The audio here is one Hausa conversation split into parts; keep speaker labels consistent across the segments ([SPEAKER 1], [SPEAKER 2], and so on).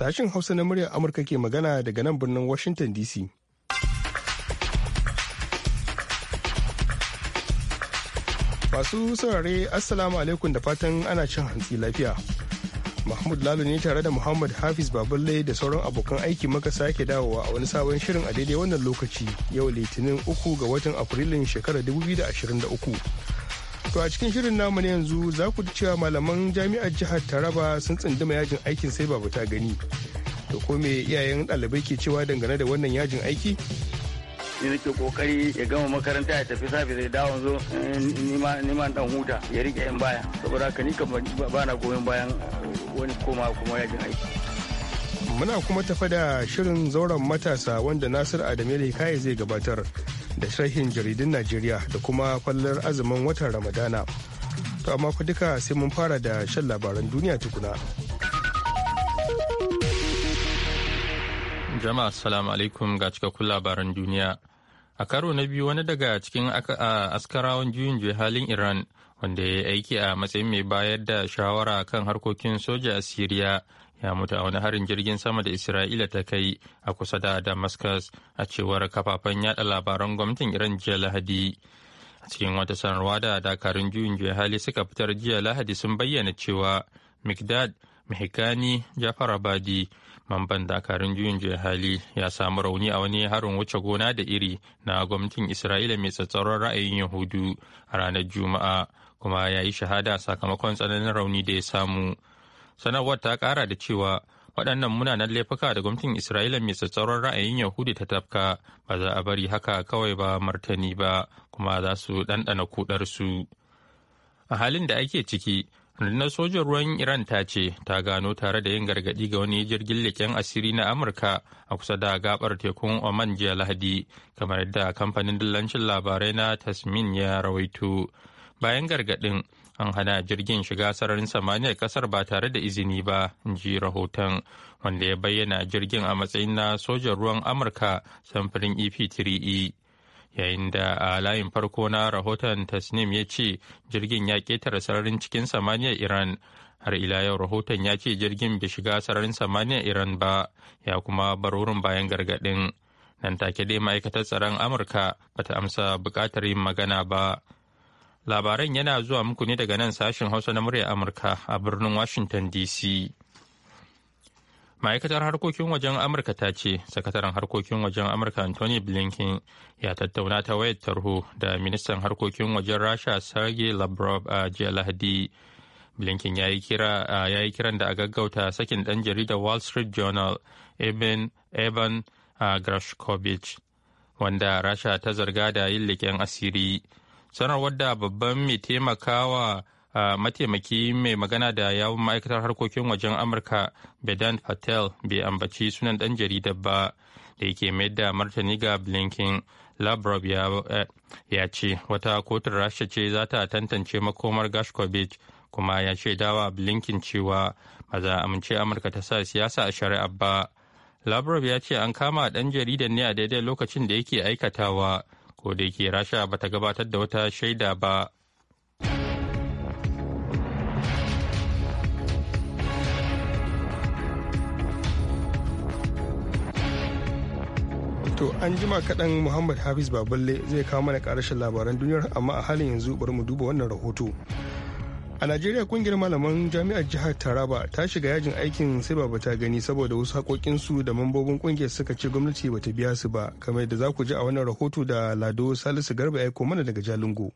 [SPEAKER 1] sashen Hausa na muryar Amurka ke magana daga nan birnin Washington DC. Masu saurare Assalamu alaikum da fatan ana cin hantsi lafiya. Mahmud lalu ne tare da Muhammad Hafiz Baballe da sauran abokan aiki maka sake dawowa a wani sabon shirin a daidai wannan lokaci yau litinin uku ga watan Afrilun shekarar 2023. To a cikin shirin namu na yanzu za ku ji cewa malaman jami'ar jihar Taraba sun tsinduma yajin aikin sai babu ta gani. To ko me iyayen ɗalibai ke cewa dangane da wannan yajin
[SPEAKER 2] aiki? ya ke kokari ya gama makaranta ya tafi safi zai dawo zo neman dan huta ya rike yan baya saboda haka ni kan ba na goyon bayan eh, wani koma kuma yajin aiki
[SPEAKER 1] muna kuma tafa da shirin zauren matasa wanda nasir adamu ya kai zai gabatar da sharhin jaridun Najeriya da kuma kwallar azumin watan Ramadana. To amma ku duka sai mun fara da shan labaran duniya tukuna.
[SPEAKER 3] Jama'a assalamu alaikum ga cikakkun labaran duniya. A karo na biyu wani daga cikin askarawan juyin halin Iran wanda ya yi aiki a matsayin mai bayar da shawara kan harkokin soja a Siriya ya mutu a wani harin jirgin sama da Isra'ila ta kai a kusa da Damascus a cewar kafafen yada labaran gwamnatin Iran jiya Lahadi. A cikin wata sanarwa da dakarun juyin juya hali suka fitar jiya Lahadi sun bayyana cewa Mikdad mahikani Jafar Abadi mamban dakarun juyin juya hali ya samu rauni a wani harin wuce gona da iri na gwamnatin Isra'ila mai tsatsauran ra'ayin Yahudu a ranar Juma'a kuma ya yi shahada sakamakon tsananin rauni da ya samu. sanarwar ta kara da cewa waɗannan munanan laifuka da gwamnatin isra'ila mai tsatsauran ra'ayin yahudi ta tafka ba za a bari haka kawai ba martani ba kuma za su ɗanɗana su. a halin da ake ciki rundunar sojan ruwan iran ta ce ta gano tare da yin gargaɗi ga wani jirgin leken asiri na amurka a kusa da gabar tekun oman jiya lahadi kamar yadda kamfanin dillancin labarai na tasmin ya rawaito bayan gargaɗin an hana jirgin shiga sararin samaniyar kasar ba tare da izini ba in ji rahoton wanda ya bayyana jirgin a matsayin na sojan ruwan amurka samfurin ep3e e. yayin da a layin farko na rahoton tasnim ya ce jirgin ya ketare sararin cikin samaniyar iran har ila yau rahoton ya ce jirgin bai shiga sararin samaniyar iran ba ya kuma bar wurin bayan gargadin nan take dai ma'aikatar tsaron amurka bata amsa bukatar yin magana ba Labaran yana zuwa muku ne daga nan sashen Hausa na murya Amurka a birnin Washington DC. Ma'aikatar harkokin wajen Amurka ta ce, Sakataren harkokin wajen Amurka Anthony Blinken ya tattauna ta wayar tarho da ministan harkokin wajen Rasha Sergey Lavrov a jiya Lahadi. Blinken ya yi kiran da a gaggauta sakin dan jaridar Wall Street Journal Eben Evan Grashkovich, wanda Rasha ta zarga da yin leƙen asiri. sanarwar da babban mai taimakawa a mataimaki mai magana da yawun ma'aikatar harkokin wajen amurka bedan patel bai ambaci sunan dan jaridar ba da yake mai da martani ga blinken labrov ya ce wata kotun rasha ce za ta tantance makomar gashkovich kuma ya ce dawa blinken cewa ba za a amince amurka ta sa siyasa a shari'a ba labrov ya ce an kama dan jaridar ne a daidai lokacin da yake aikatawa ko yake rasha ba ta gabatar da wata shaida ba
[SPEAKER 1] To an jima kaɗan Muhammad Hafiz Baballe zai kawo mana ƙarashin labaran duniyar amma a halin yanzu bari mu duba wannan rahoto. a najeriya kungiyar malaman jami'ar jihar taraba ta shiga yajin aikin sai ba ta gani saboda wasu haƙoƙinsu da mambobin kungiyar suka ce gwamnati bata biya su ba kamar da za ku ji a wannan rahoto da lado salisu garba ya mana daga jalingo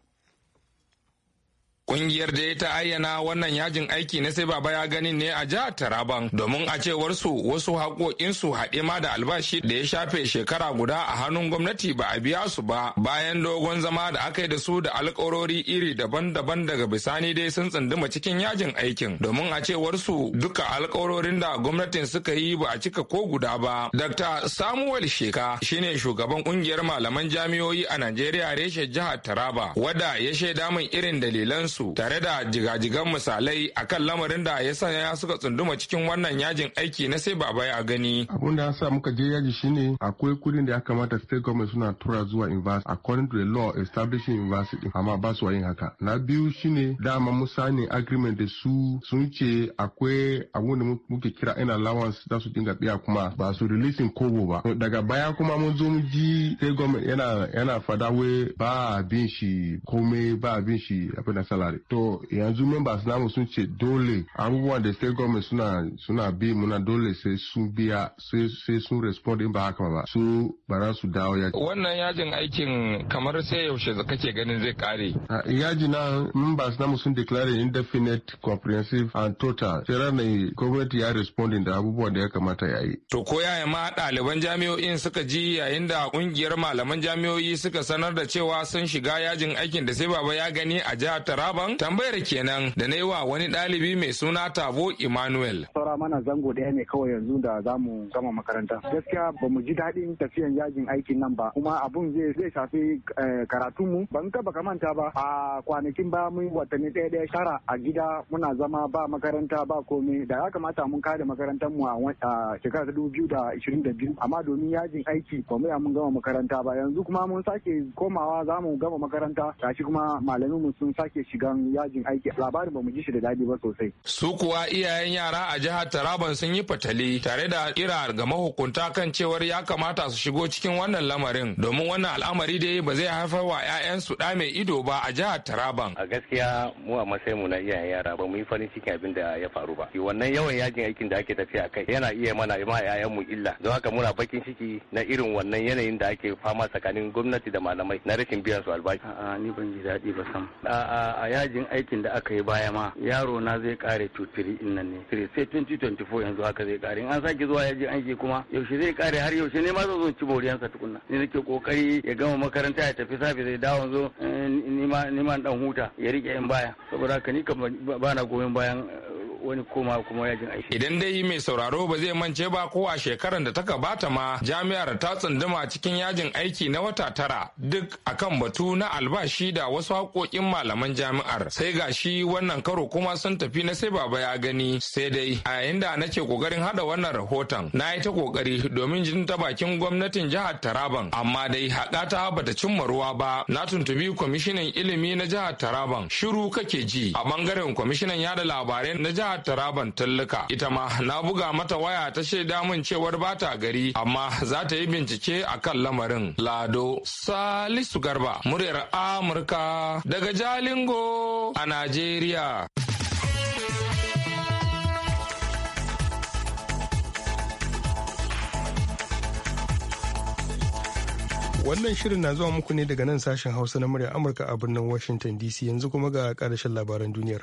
[SPEAKER 4] Kungiyar da ta ayyana wannan yajin aiki na sai baba ya gani ne a jihar Taraban domin a cewar su wasu haƙoƙinsu haɗe ma da albashi da ya shafe shekara guda a hannun gwamnati ba a biya su ba bayan dogon zama da aka yi da su da alƙawarori iri daban-daban daga bisani dai sun tsunduma cikin yajin aikin domin a cewar su duka alƙawarorin da gwamnatin suka yi ba a cika ko guda ba. Dr. Samuel Sheka shine shugaban kungiyar malaman jami'o'i a Najeriya reshen jihar Taraba wadda ya shaida min irin dalilan su tare da jigajigan misalai akan lamarin da ya sanya suka tsunduma cikin wannan yajin aiki na sai baba ya gani.
[SPEAKER 5] Abun da ya sa muka je yaji shine akwai kudin da ya kamata state government suna tura zuwa invest according to the law establishing university amma ba su yin haka. Na biyu shine dama musa ne agreement da su sun ce akwai abun da muke kira in allowance da su dinga biya kuma ba su releasing kobo ba. Daga baya kuma mun zo mu ji state government yana yana fada wai ba bin shi komai ba bin shi abin da salary to yanzu members namu sun ce dole abubuwan da state government suna suna bi muna dole sai sun biya sai sun respond in ba haka ba su ba za su dawo ya
[SPEAKER 4] wannan yajin aikin kamar sai yaushe kake ganin zai kare
[SPEAKER 5] yaji na members namu sun declare indefinite comprehensive and total sai ranar gwamnati ya responding da abubuwan da ya kamata ya yi to ko yaya
[SPEAKER 4] ma ɗaliban jami'o'in suka ji yayin da kungiyar malaman jami'o'i suka sanar da cewa sun shiga yajin aikin da sai baba ya gani a jihar taraba daban tambayar kenan da na yi wa wani ɗalibi mai suna tabo emmanuel
[SPEAKER 5] saura mana zango ɗaya ne kawai yanzu da za mu gama makaranta gaskiya ba mu ji daɗin tafiyan yajin aikin nan ba kuma abun zai zai shafi eh, karatunmu ban ka baka manta ba a kwanakin ba mun watanni ɗaya ɗaya shara a gida muna zama ba makaranta ba komai da ya kamata mun kare makarantar mu a shekara ta dubu biyu da ishirin da biyu amma domin yajin aiki ba mu mun gama makaranta ba yanzu kuma mun sake komawa za mu gama makaranta gashi kuma malamin mu sun sake shiga shigan yajin aiki labarin ba mu ji shi da dadi ba sosai. Su kuwa
[SPEAKER 4] iyayen yara a jihar Taraban sun yi fatali tare da kira ga mahukunta kan cewar ya kamata su shigo cikin wannan lamarin domin wannan al'amari dai ba zai haifar wa 'ya'yansu ɗa mai ido ba a jihar Taraban.
[SPEAKER 2] A gaskiya mu a matsayin mu na iyayen yara ba mu yi farin cikin abin da ya faru ba. Wannan yawan yajin aikin da ake tafiya kai yana iya mana ma mu illa. Don haka muna bakin ciki na irin wannan yanayin da ake fama tsakanin gwamnati da malamai na rashin biyan su albashi. A'a ni ban ji daɗi ba sam. A'a yajin aikin da aka yi baya ma yaro na zai kare tutiri in nan ne sai 2024 yanzu haka zai kare in an sake zuwa yajin aiki kuma yaushe zai kare har yaushe ne ma zan zo ci boriyansa tukunna ni nake kokari ya gama makaranta ya tafi safi zai dawo zo eh, ma dan huta ya rike in baya saboda haka ni ka bana goyon bayan wani koma kuma yajin aiki. Idan dai mai sauraro
[SPEAKER 4] ba zai mance ba ko a shekaran da ta gabata ma jami'ar ta tsunduma cikin yajin aiki na wata tara duk akan batu na albashi da wasu haƙoƙin malaman jami'ar sai ga shi wannan karo kuma sun tafi na sai baba ya gani sai dai a yayin da nake kokarin hada wannan rahoton na yi ta kokari domin jin ta bakin gwamnatin jihar Taraban amma dai haɗata ta bata cimma ruwa ba na tuntubi kwamishinan ilimi na jihar Taraban shiru kake ji a bangaren kwamishinan yada labarai na jihar jihar Taraban Tulluka. Ita ma na buga mata waya ta shaida min cewar bata gari amma za ta yi bincike a kan lamarin. Lado Salisu Garba, muryar Amurka daga Jalingo a Najeriya.
[SPEAKER 1] Wannan shirin na zuwa muku ne daga nan sashen Hausa na murya Amurka a birnin Washington DC yanzu kuma ga karshen labaran duniyar.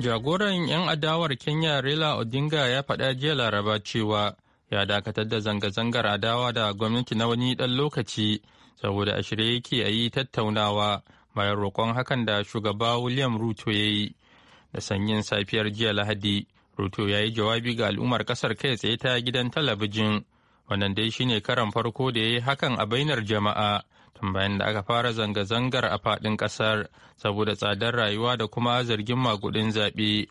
[SPEAKER 3] Jagoran 'yan adawar Kenya Raila Odinga ya faɗa jiya Laraba cewa ya dakatar da zanga-zangar adawa da gwamnati na wani ɗan lokaci saboda a shirye yake a yi tattaunawa bayan roƙon hakan da shugaba William Ruto ya yi. Da sanyin safiyar jiya Lahadi, Ruto ya yi jawabi ga al'ummar ƙasar kai tsaye ta gidan talabijin. Wannan dai shine karan farko da ya yi hakan a bainar jama'a tun bayan da aka fara zanga-zangar a fadin kasar saboda tsadar rayuwa da kuma zargin magudin zaɓe.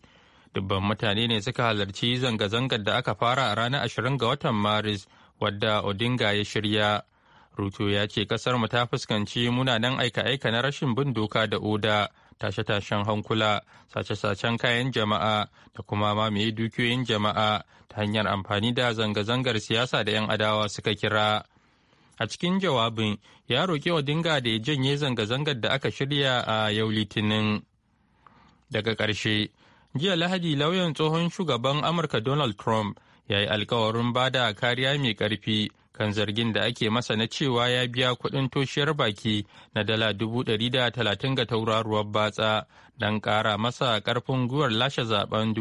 [SPEAKER 3] Dubban mutane ne suka halarci zanga-zangar da aka fara a ranar ashirin ga watan Maris wadda Odinga ya shirya. Ruto ya ce mu ta fuskanci munanan aika-aika na rashin bin doka da oda, tashe-tashen hankula, sace-sacen kayan jama'a da kuma mamaye dukiyoyin jama'a ta hanyar amfani da zanga-zangar siyasa da 'yan adawa suka kira. a cikin jawabin ya roƙi odinga da ya janye zanga-zangar da aka shirya a yau litinin daga ƙarshe jiya lahadi lauyan tsohon shugaban amurka donald trump ya yi alkawarin ba kariya mai ƙarfi kan zargin da ake masa na cewa ya biya kuɗin toshiyar baki na dala dubu ɗari da talatin ga tauraruwar batsa don ƙara masa karfin guwar lashe zaben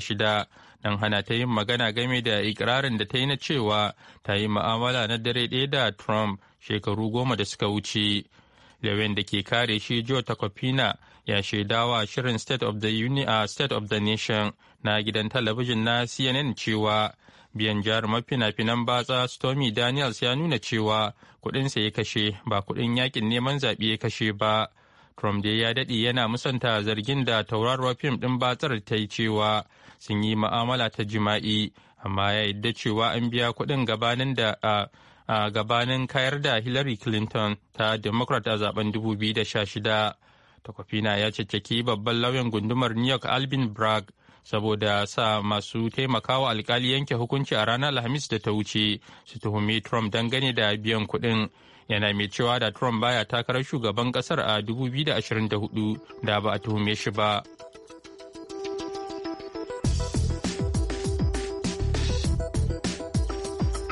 [SPEAKER 3] shida don hana ta yin magana game da ikirarin da ta yi na cewa ta yi ma'amala na dare ɗaya da Trump shekaru goma da suka wuce. Lewin da ke kare shi Joe Takopina ya shaidawa shirin State of the Union a State of the Nation na gidan talabijin na CNN cewa biyan jarumar fina batsa stormy daniels ya nuna cewa kudinsa ya kashe ba kudin yakin neman zaɓe ya kashe ba trump dai ya daɗe yana musanta zargin da tauraruwa fim ɗin batsar ta yi cewa sun yi ma'amala ta jima'i amma ya yadda cewa an biya kudin gabanin da a gabanin kayar da hillary clinton ta democrat a zaben 2016 takwafina ya caccaki babban lauyan gundumar new york albin bragg saboda sa masu taimakawa alkali yanke hukunci a ranar alhamis da ta wuce su tuhumi trump dangane da biyan kuɗin yana mai cewa da trump baya takarar shugaban kasar a 2024 da ba a tuhume shi ba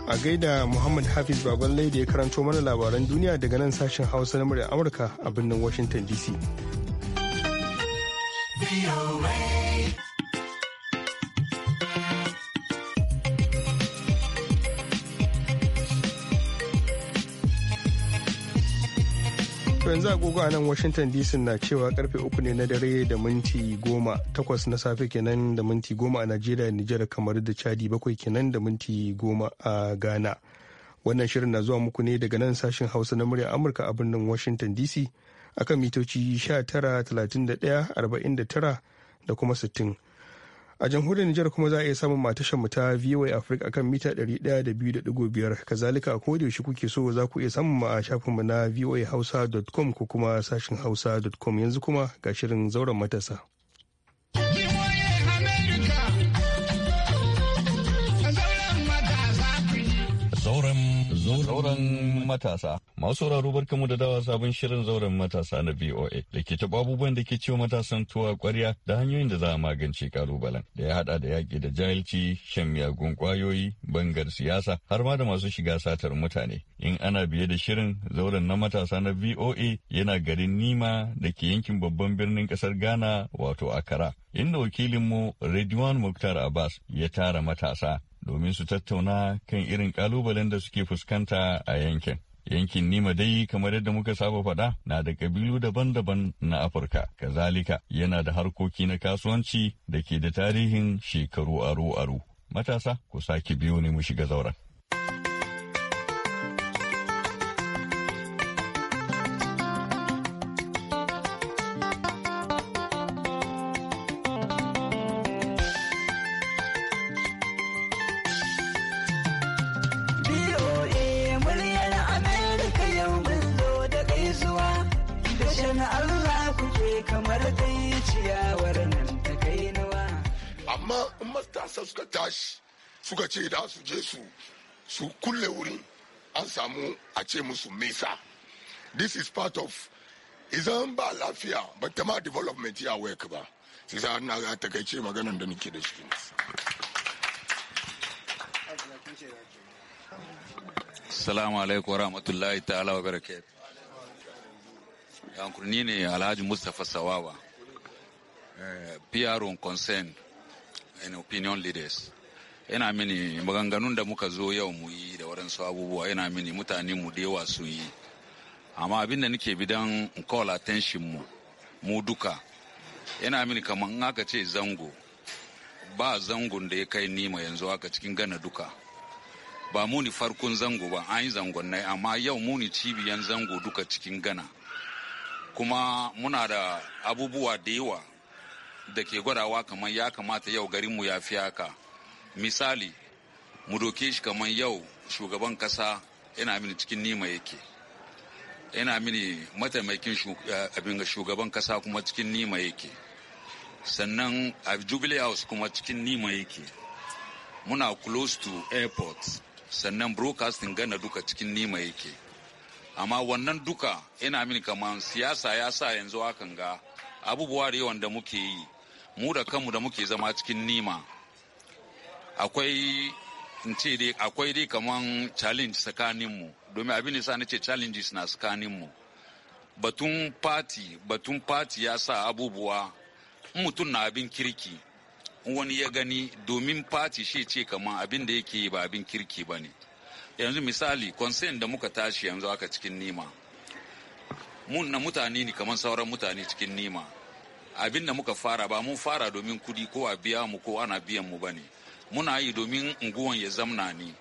[SPEAKER 1] a gaida muhammad hafiz baban da ya karanto mana labaran duniya daga nan sashen hausa na murya amurka a birnin washington dc yanzu agogo a nan Washington DC na cewa karfe uku ne na dare da minti goma takwas na safe kenan da minti goma a Najeriya Nijar kamar da Chadi bakwai kenan da minti goma a Ghana. Wannan shirin na zuwa muku ne daga nan sashen Hausa na murya Amurka a birnin Washington DC akan mitoci 19, 31, 49 da kuma 60. a jamhuriyar Nijar kuma za a iya samun matashan mu ta VOA Africa kan mita biyar kazalika a koda yaushe kuke so za ku iya samun mu a shafin mu na voahausa.com ko kuma sashin hausa.com yanzu kuma ga shirin zauren matasa.
[SPEAKER 6] matasa. Masu sauraro barkamu da dawa sabon shirin zauren matasa na VOA da ke taɓa abubuwan da ke ciwo matasan tuwa kwarya da hanyoyin da za a magance ƙalubalen da ya haɗa da yaƙi da jahilci, shan miyagun ƙwayoyi, bangar siyasa har ma da masu shiga satar mutane. In ana biye da shirin zauren na matasa na VOA yana garin Nima da ke yankin babban birnin ƙasar Ghana wato Akara. Inda wakilinmu Redwan muktar Abbas ya tara matasa domin su tattauna kan irin kalubalen da suke fuskanta a yankin. Yankin Nima dai kamar yadda muka saba faɗa na da ƙabilu daban-daban na Afirka, kazalika yana da harkoki na kasuwanci da ke da tarihin shekaru aro-aro. Matasa ku sake biyo ne mu shiga zauren.
[SPEAKER 5] a ce musu mesa this is part of ba lafiya ba ta ma development ya work ba sai sa na ga takaice maganan da nake da shi
[SPEAKER 7] Assalamu alaikum warahmatullahi ta'ala wa barakatuh yankurni ne Alhaji Mustapha Sawawa uh, eh, PR on concern and opinion leaders yana mini maganganun da muka zo yau mu yi da waɗansu abubuwa yana mini mutane mu da yawa sun yi amma abin da nake bidan call attention mu mu duka yana mini kamar in aka ce zango ba zangon da ya kai nima yanzu haka cikin gana duka ba muni farkon zango ba an yi zangon nai amma yau muni cibiyan zango duka cikin gana kuma muna da abubuwa da yawa da ke gwadawa kamar ya kamata yau garinmu ya fi haka misali mu doke shi kamar yau shugaban kasa yana mini cikin nima yake yana mini mataimakin eh, abin ga shugaban kasa kuma cikin nima yake sannan a jubilee house kuma cikin nima yake muna close to airport sannan broadcasting gana duka cikin nima yake amma wannan duka yana mini kamar siyasa ya sa yanzu hakan ga abubuwa da yawan da muke yi mu da kanmu da muke zama cikin nima akwai in ce dai akwai dai kaman challenge tsakaninmu domin abin da sa na ce challenges na tsakaninmu batun party batun party ya sa abubuwa mutum na abin kirki wani ya gani domin party shi ce kaman abin da yake ba abin kirki ba ne yanzu misali consent da muka tashi yanzu aka cikin nima mun na mutane ne kamar sauran mutane cikin nima abin da muka fara ba mun fara domin kudi ko a biya mu ko ana biyan mu ba ne muna yi domin unguwan ya zamna ne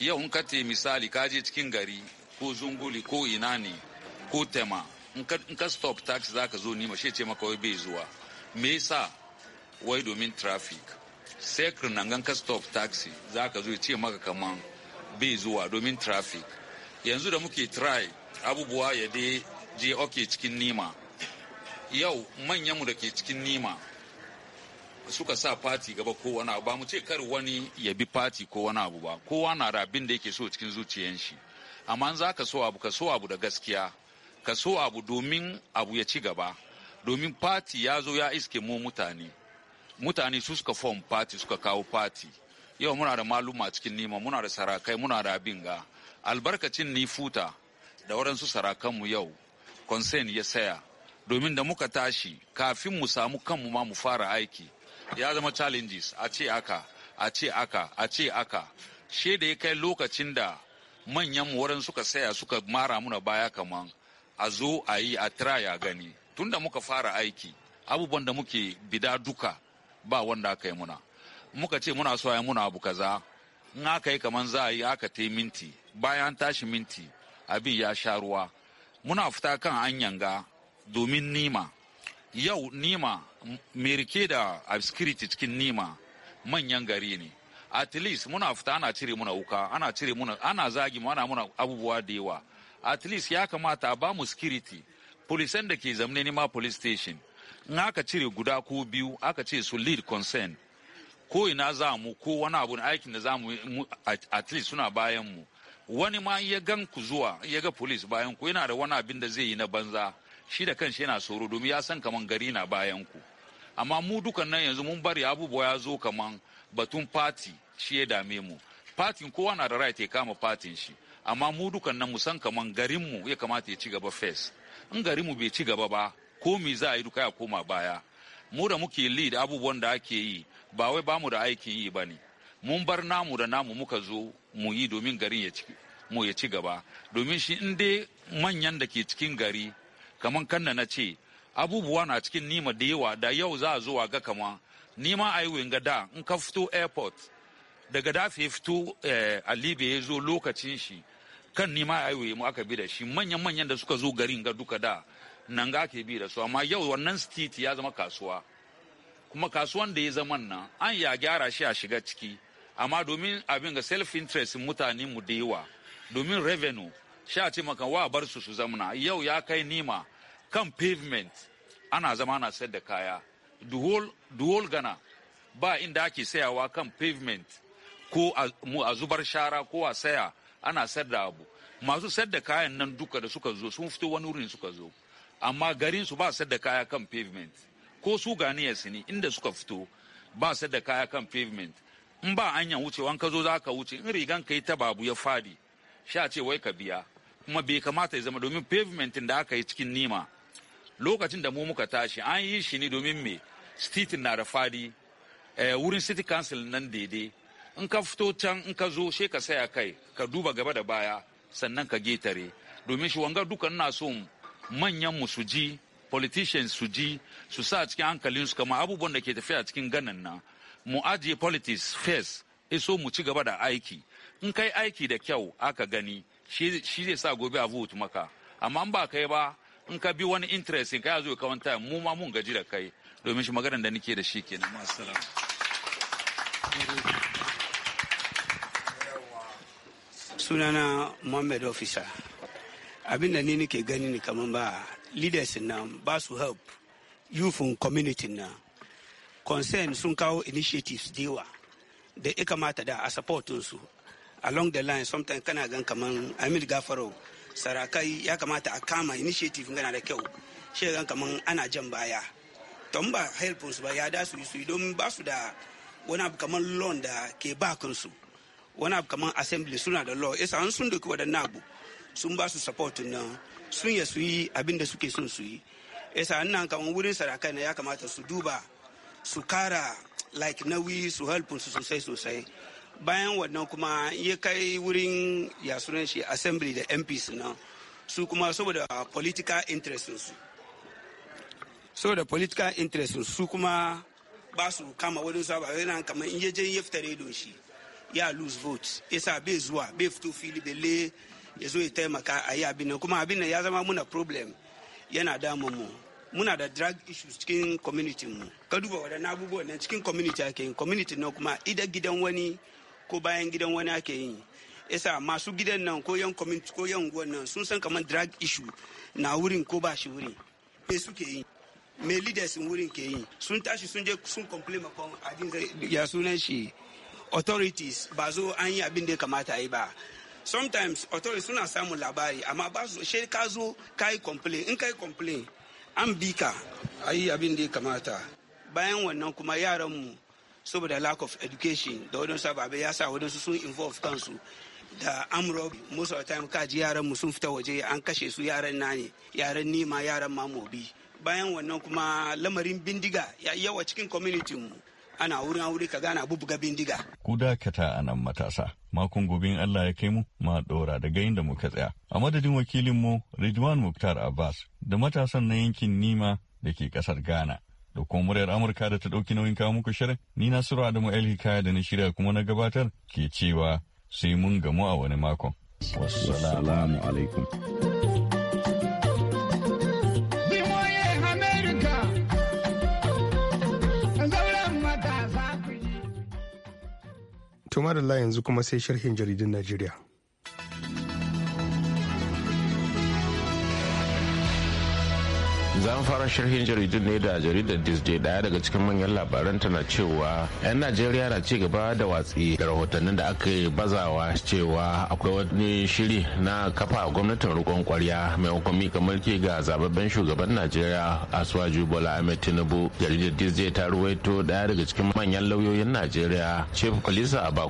[SPEAKER 7] yau in ka te misali ka je cikin gari ko zunguli ko ina ne ko tema in ka stop taxi za ka zo ni mashe ce maka wai bai zuwa me yasa wai domin traffic sai gan ka stop taxi za ka zo ce maka kaman bai zuwa domin traffic yanzu da muke try abubuwa ya je oke cikin nima yau manyanmu da ke cikin nima suka sa fati gaba ko wani abu ba mu ce kar wani ya bi fati ko wani abu ba kowa na da abin da yake so cikin zuciyan shi amma za ka so abu ka so abu da gaskiya ka so abu domin abu ya ci gaba domin fati ya zo ya iske mu mutane mutane su suka form fati suka kawo fati yau muna da maluma cikin nima muna da sarakai muna da abin ga albarkacin ni futa da waɗansu sarakanmu yau konsen ya saya domin da muka tashi kafin mu samu kanmu ma mu fara aiki ya zama challenges a ce aka a ce aka a ce aka shi da ya kai lokacin da manyan wurin suka saya suka mara muna baya kaman a zo a yi a traya gani tunda muka fara aiki abubuwan da muke bida duka ba wanda aka yi muna muka ce muna so muna abu kaza in aka yi kaman za a yi aka ta minti bayan tashi minti abin ya sha ruwa muna fita kan an yanga domin nima yau nima merike da obscurity cikin nima manyan gari ne at least muna fita ana cire muna wuka ana cire muna ana zagi ana muna abubuwa da yawa at least ya kamata bamu ba mu security polisan da ke zamne ne ma police station in aka cire guda ko biyu aka ce su lead concern ko ina za mu ko wani abu aikin da za mu at least suna bayan mu wani ma ya gan ku zuwa ya ga police bayan ku yana da wani abin da zai yi na banza shi da kanshi yana tsoro domin ya san kaman gari na bayan ku amma mu dukan nan yanzu mun bari abubuwa ya zo kaman batun fati shi ya dame mu fatin kowa na da right ya kama fatin shi amma mu dukan nan mu san kaman garin mu ya kamata ya ci gaba first in garin mu bai ci gaba ba ko me za a yi duka ya koma baya mu da muke lead abubuwan da ake yi ba wai bamu da aikin yi bane mun bar namu da namu muka zo mu yi domin garin ya ci mu ya ci gaba domin shi in dai manyan da ke cikin gari kamar kanna na ce abubuwa na cikin nima da yawa da yau za a zuwa ga kama nima a yi da in ka fito airport daga da ya fito eh, a libya ya zo lokacin shi kan nima a yi mu aka bi da shi manyan-manyan da suka zo garin ga duka da nan ga ake bi da su amma yau wannan state ya zama kasuwa kuma kasuwan da ya zama nan an ya gyara shi a shiga ciki amma domin abin ga self interest mutane mu da yawa domin revenue sha ce maka wa bar su su zamana yau ya kai nima kan pavement ana zama na sayar da kaya duwol gana ba inda ake sayawa kan pavement ko a zubar shara ko a saya ana sayar da abu masu sayar da kayan nan duka da suka zo sun fito wani wurin suka zo amma garin su ba sayar da kaya kan pavement ko su ganiyarsu ne inda suka fito ba sayar da kaya kan pavement in ba anyan wucewa in ka zo za ka wuce in rigan ka yi ta babu ya fadi sha ce wai ka biya kuma bai kamata ya zama domin pavement da aka yi cikin nima lokacin da mu muka tashi an yi shi ne domin me stitin na da fadi eh, wurin city council nan daidai in ka fito can in ka zo sai ka saya kai ka duba gaba da baya sannan ka getare domin shi wanga dukan na so manyan mu su ji politicians su ji su sa cikin hankalin su kamar abubuwan da ke tafiya cikin ganin nan mu ajiye politics first iso mu ci gaba da aiki in kai aiki da kyau aka gani shi zai sa gobe a vote maka amma ba kai ba in ka bi wani interest in ka zo ka wanta mu ma mun gaji da kai domin shi magana da nake da shi kenan assalam
[SPEAKER 8] sunana
[SPEAKER 7] Muhammad officer
[SPEAKER 8] abin da ni nake gani ne kamar ba leaders na ba su help youth community na concern sun kawo initiatives dewa da ya kamata da a support su along the line sometimes kana gan kaman Amir Gafaro sarakai ya kamata a kama initiative gana da kyau shi gan kaman ana jan baya don ba helpin ba ya da su yi su domin ba su da wani abu kaman loan da ke ba kansu wani abu kaman assembly suna da law isa an sun doki wadannan abu sun ba su support na sun ya su yi abin da suke son su yi isa an nan kaman wurin sarakai na ya kamata su duba su kara like nauyi su helpin su sosai sosai bayan wannan kuma ya kai wurin ya sunan shi assembly da mps nan su kuma saboda political interest su saboda political interest su kuma ba su kama wani saba yana kamar in je ya fita redon shi ya lose vote isa bai zuwa bai fito fili belle ya zo ya taimaka a yi abin nan kuma abin nan ya zama muna problem yana damun mu muna da drug issues cikin community mu ka duba wadannan abubuwan nan cikin community ake yin community na kuma ida gidan wani ko bayan gidan wani ake yi yasa masu gidan nan ko yan community ko yan unguwan nan sun san kamar drug issue na wurin ko ba shi wurin me suke yi me leaders wurin ke yi sun tashi sun je sun complain ma makon abin ya sunan shi authorities ba zo an yi abin da ya kamata yi ba sometimes authorities suna samun labari amma ba su she ka zo ka yi complain in ka yi complain an bi ka a yi abin da ya kamata bayan wannan kuma yaran mu. saboda lack of education da wadansu sababai ya sa wadansu sun involve kansu da amro most of the time kaji yaran mu sun fita waje an kashe su yaran na ne yaran nima yaran mamobi bayan wannan kuma lamarin bindiga ya yawa cikin community mu ana wurin wuri ka gana bubuga bindiga.
[SPEAKER 6] Ku dakata a nan matasa. Makon gobe Allah ya kai mu ma dora da gayin da muka tsaya. A madadin wakilin mu Ridwan Muktar Abbas da matasan na yankin Nima da ke kasar Ghana da kuma muryar Amurka da ta ɗauki nauyin kawo muku shirin. Ni na Nasiru Adamu El Hikaya da na shirya kuma na gabatar ke cewa sai mun gamu a wani makon. Wassalamu alaikum.
[SPEAKER 1] Tuma da yanzu kuma sai sharhin jaridun Najeriya.
[SPEAKER 9] zan fara sharhin jaridun ne da jaridar disney daya daga cikin manyan labaran tana cewa 'yan najeriya na ci gaba da watsi da rahotannin da aka bazawa cewa akwai wani shiri na kafa gwamnatin rikon kwarya mai hukumi kamar ke ga zababben shugaban najeriya aswaju bola ahmed tinubu jaridar disney ta ruwaito daya daga cikin manyan lauyoyin najeriya chief kulisa ba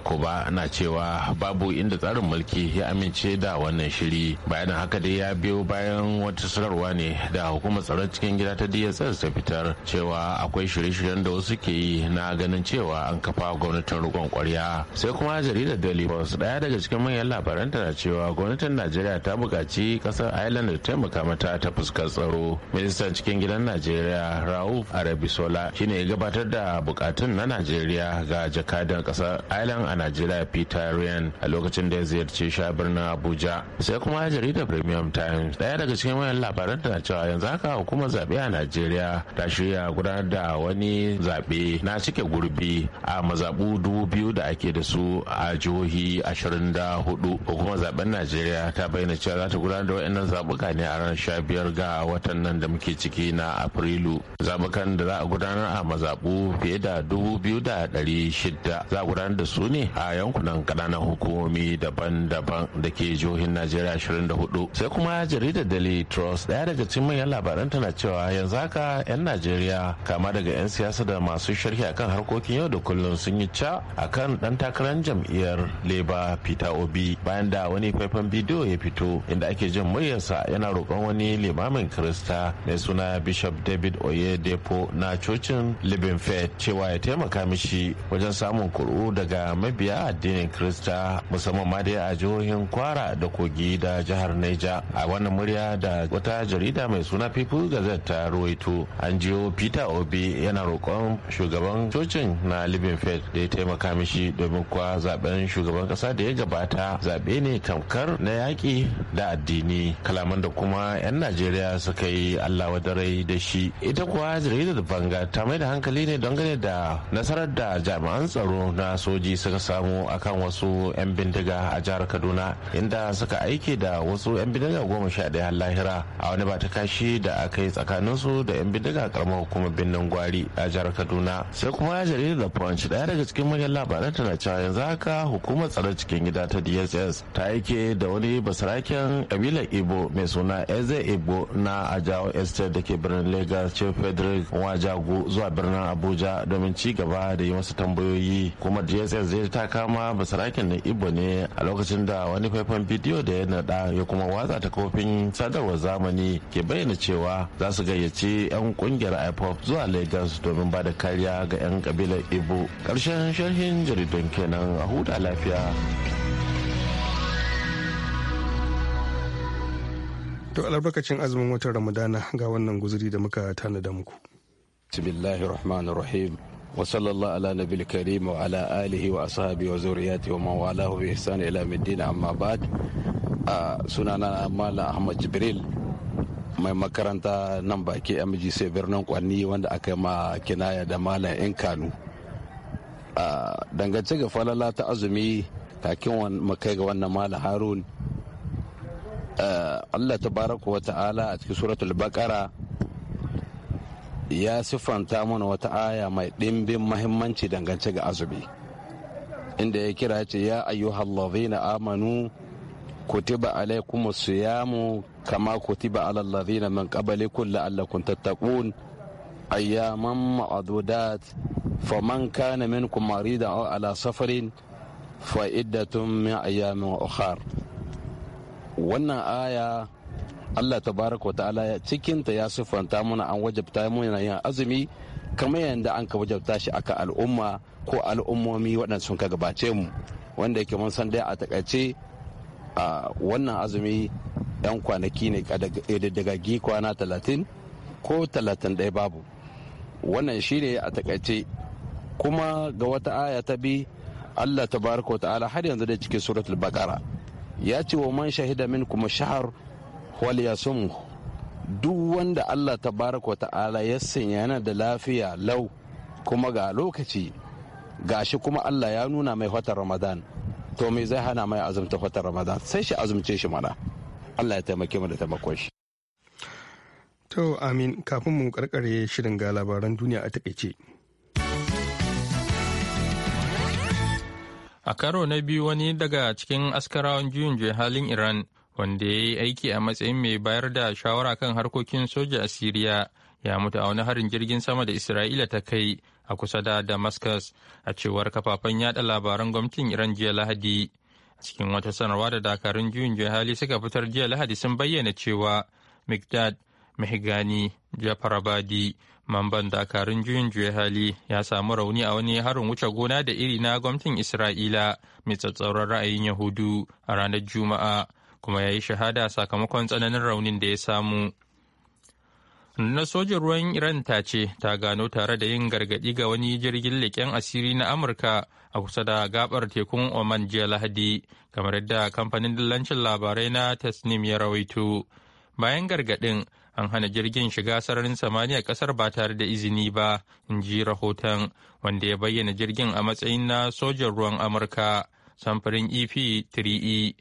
[SPEAKER 9] na cewa babu inda tsarin mulki ya amince da wannan shiri bayan haka dai ya biyo bayan wata sanarwa ne da hukumar tsaron hukumar cikin gida ta dss ta fitar cewa akwai shirye-shiryen da wasu ke yi na ganin cewa an kafa gwamnatin rikon kwarya sai kuma jaridar daily post daya daga cikin manyan labaran na cewa gwamnatin najeriya ta buƙaci ƙasar ireland da taimaka mata ta fuskar tsaro ministan cikin gidan najeriya rauf arabisola shine ya gabatar da bukatun na najeriya ga jakadan ƙasar ireland a najeriya peter ryan a lokacin da ya ziyarci sha birnin abuja sai kuma jaridar premium times daya daga cikin manyan labaran cewa yanzu haka hukumar kuma zaɓe a najeriya ta shirya gudanar da wani zaɓe na cike gurbi a mazaɓu dubu biyu da ake da su a jihohi ashirin da hudu hukumar zaɓen najeriya ta bayyana cewa za ta gudanar da wa'annan zaɓuka ne a ranar sha biyar ga watan nan da muke ciki na afrilu zaɓukan da za a gudanar a mazaɓu fiye da dubu biyu da ɗari shida za a gudanar da su ne a yankunan ƙananan hukumomi daban-daban da ke jihohin najeriya ashirin da hudu sai kuma jaridar daily trust ɗaya daga cikin manyan labaran ta mana cewa yanzu haka 'yan najeriya kama daga 'yan siyasa da masu sharhi akan harkokin yau da kullum sun yi ca akan dan takarar jam'iyyar leba peter obi bayan da wani faifan bidiyo ya fito inda ake jin muryarsa yana roƙon wani limamin kirista mai suna bishop david oye depo na cocin living faith cewa ya taimaka mishi wajen samun kuru daga mabiya addinin kirista musamman ma dai a jihohin kwara da kogi da jihar neja a wannan murya da wata jarida mai suna people gazet ta ruwaito an jiyo peter obi yana roƙon shugaban cocin na living fed da ya taimaka mishi domin kuwa zaben shugaban ƙasa da ya gabata zaɓe ne tamkar na yaƙi da addini kalaman da kuma 'yan najeriya suka yi allah wadarai da shi ita kuwa jaridar banga ta mai da hankali ne gane da nasarar da jami'an tsaro na soji suka samu akan wasu 'yan bindiga a jihar kaduna inda suka aiki da wasu 'yan bindiga goma sha ɗaya lahira a wani ba ta kashi da aka kai tsakanin su da yan bindiga karamar hukumar birnin gwari a jihar kaduna sai kuma ya jaridar da punch daya daga cikin manyan labaran tana cewa yanzu haka hukumar tsaron cikin gida ta dss ta yake da wani basaraken kabilar ibo mai suna eze ibo na ajawa estate da ke birnin lagos ce frederick wajagu zuwa birnin abuja domin ci gaba da yi masa tambayoyi kuma dss zai ta kama basaraken na ibo ne a lokacin da wani faifan bidiyo da ya naɗa ya kuma watsa ta kofin sadarwar zamani ke bayyana cewa za su gayyaci 'yan kungiyar ipop zuwa lagos domin ba da kariya ga 'yan kabilar ibo karshen sharhin jaridan kenan a huda lafiya
[SPEAKER 1] to albarkacin azumin watan ramadana ga wannan guzuri da muka tanada muku
[SPEAKER 2] bismillahir rahmanir rahim وصلى الله على نبي الكريم وعلى آله وأصحابه وزورياته ومن والاه بإحسان إلى مدينة أما بعد سنانا amala أحمد جبريل mai makaranta nan baki mgc birnin kwanni wanda aka yi ma kinaya da malam in kanu dangance ga falala ta azumi kakin makai ga wannan malam harun allah ta baraka wa ta'ala a cikin suratul bakara ya siffanta mana wata aya mai ɗimbin mahimmanci dangance ga azumi inda ya kira ce ya ayyuhallazina amanu amanu kutiba alaikum siyamu kama kutiba ala alladhina min qablikum la'allakum tattaqun ayyaman ma'dudat faman kana minkum maridan aw ala safarin fa iddatun min ayyamin ukhar wannan aya Allah tabaraka wa ta'ala cikinta ya sifanta mana an wajabta mana yin azumi kamar yadda an ka wajabta shi aka al'umma ko al'ummomi waɗanda sun ka gabace mu wanda yake mun san dai a takaice a wannan azumi 'yan kwanaki ne ƙididdigaggi eh, kwana talatin ko talatin ɗaya babu wannan shine a takaice kuma ga wata aya ta bi allah ta baraka ta'ala har yanzu da cikin suratul bakara ya ce wa man shahida min kuma shahar wal yasum duk wanda allah ta baraka ta'ala ya sanya yana da lafiya lau kuma ga lokaci gashi kuma allah ya nuna mai watan ramadan to me zai hana mai azumta fatar ramadan sai shi azumce shi mana allah ya taimake mu da taimakon shi
[SPEAKER 1] to amin kafin mu karkare shirin ga labaran duniya a
[SPEAKER 3] takaice a karo na biyu wani daga cikin askarawan juyin halin iran wanda ya yi aiki a matsayin mai bayar da shawara kan harkokin soja a siriya ya mutu a wani harin jirgin sama da isra'ila ta kai a kusa da Damascus a cewar kafafen yada labaran gwamnatin Iran jiya Lahadi. A cikin wata sanarwa da dakarun juyin hali suka fitar jiya Lahadi sun bayyana cewa Mikdad mahigani Jafarabadi mamban dakarun juyin hali ya samu rauni a wani harin wuce gona da iri na gwamnatin Isra'ila mai tsatsauran ra'ayin Yahudu a ranar Juma'a kuma ya yi shahada sakamakon tsananin raunin da ya samu. na sojin ruwan iran ta ce ta gano tare da yin gargaɗi ga wani jirgin leƙen asiri na amurka a kusa da gabar tekun oman jiya lahadi kamar yadda kamfanin dillancin labarai na tasnim ya rawaito bayan gargaɗin an hana jirgin shiga sararin samaniya kasar ba tare da izini ba in ji rahoton wanda ya bayyana jirgin a matsayin na sojan ruwan amurka samfurin ep 3e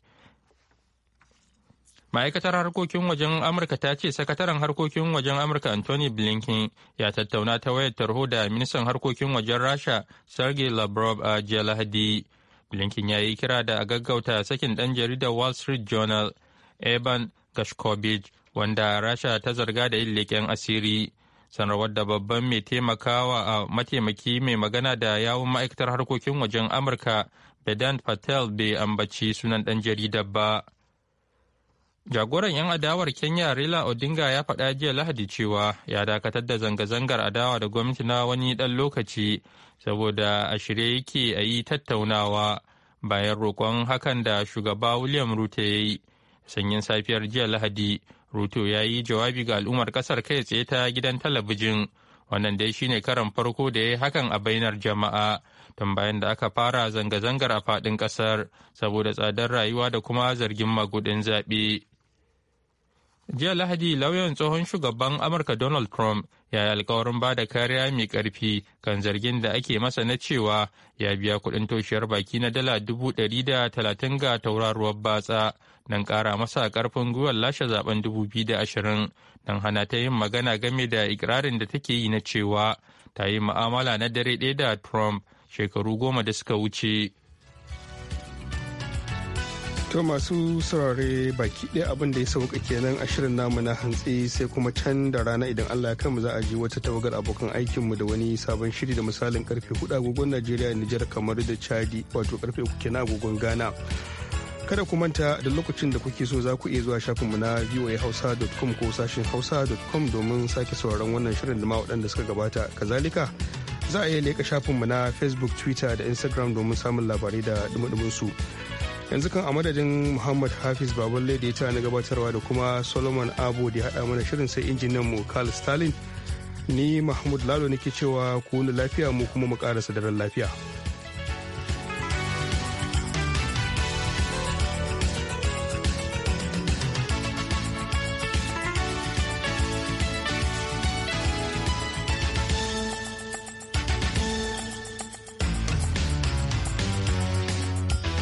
[SPEAKER 3] ma'aikatar harkokin wajen amurka ta ce sakataren harkokin wajen amurka anthony blinken ya tattauna ta wayar tarho da ministan harkokin wajen rasha Sergey lavrov a jiya lahadi blinken ya yi kira da a gaggauta sakin dan jaridar wall street journal evan gashkovich wanda rasha ta zarga da yin leƙen asiri sanarwar da babban mai taimakawa a mataimaki mai magana da yawun ma'aikatar harkokin wajen amurka bedant patel bai ambaci sunan ɗan jaridar ba Jagoran 'yan adawar Kenya Rila Odinga ya faɗa jiya Lahadi cewa ya dakatar da zanga-zangar adawa da gwamnati na wani ɗan lokaci saboda a shirye yake a yi tattaunawa bayan roƙon hakan da shugaba William Ruto ya yi. Sanyin safiyar jiya Lahadi, Ruto ya yi jawabi ga al'ummar ƙasar kai tsaye ta gidan talabijin. Wannan dai shine karan farko da ya yi hakan a bainar jama'a. tun bayan da aka fara zanga-zangar a faɗin ƙasar saboda tsadar rayuwa da kuma zargin magudin zaɓe. jiya lahadi lauyan tsohon shugaban amurka donald trump ya yi alkawarin ba da kariya mai karfi kan zargin da ake masa na cewa ya biya kudin toshiyar baki na dala dubu ɗari da talatin ga tauraruwar batsa don kara masa karfin gwiwar lashe zaben dubu biyu da ashirin don hana ta yin magana game da ikirarin da take yi na cewa ta yi mu'amala na dare ɗaya da trump shekaru goma da suka wuce
[SPEAKER 1] To masu saurare baki ɗaya abin da ya sauka kenan a shirin namu na hantsi sai kuma can da rana idan Allah ya kanmu za a ji wata tawagar abokan aikinmu da wani sabon shiri da misalin karfe hudu agogon Najeriya Nijar kamar da Chadi wato karfe uku kenan agogon Ghana. Kada ku manta da lokacin da kuke so za ku iya zuwa shafinmu na voahausa.com ko sashin hausa.com domin sake sauraron wannan shirin da ma waɗanda suka gabata. Kazalika za a iya leƙa shafinmu na Facebook, Twitter da Instagram domin samun labarai da dumudumin su. yanzu kan a madadin muhammad hafiz baballe da ya ta na gabatarwa da kuma solomon abu da ya haɗa mana shirin sai injiniyan mu carl stalin ni mahmud lalo nake cewa ku lafiya mu kuma mu ƙarasa daren lafiya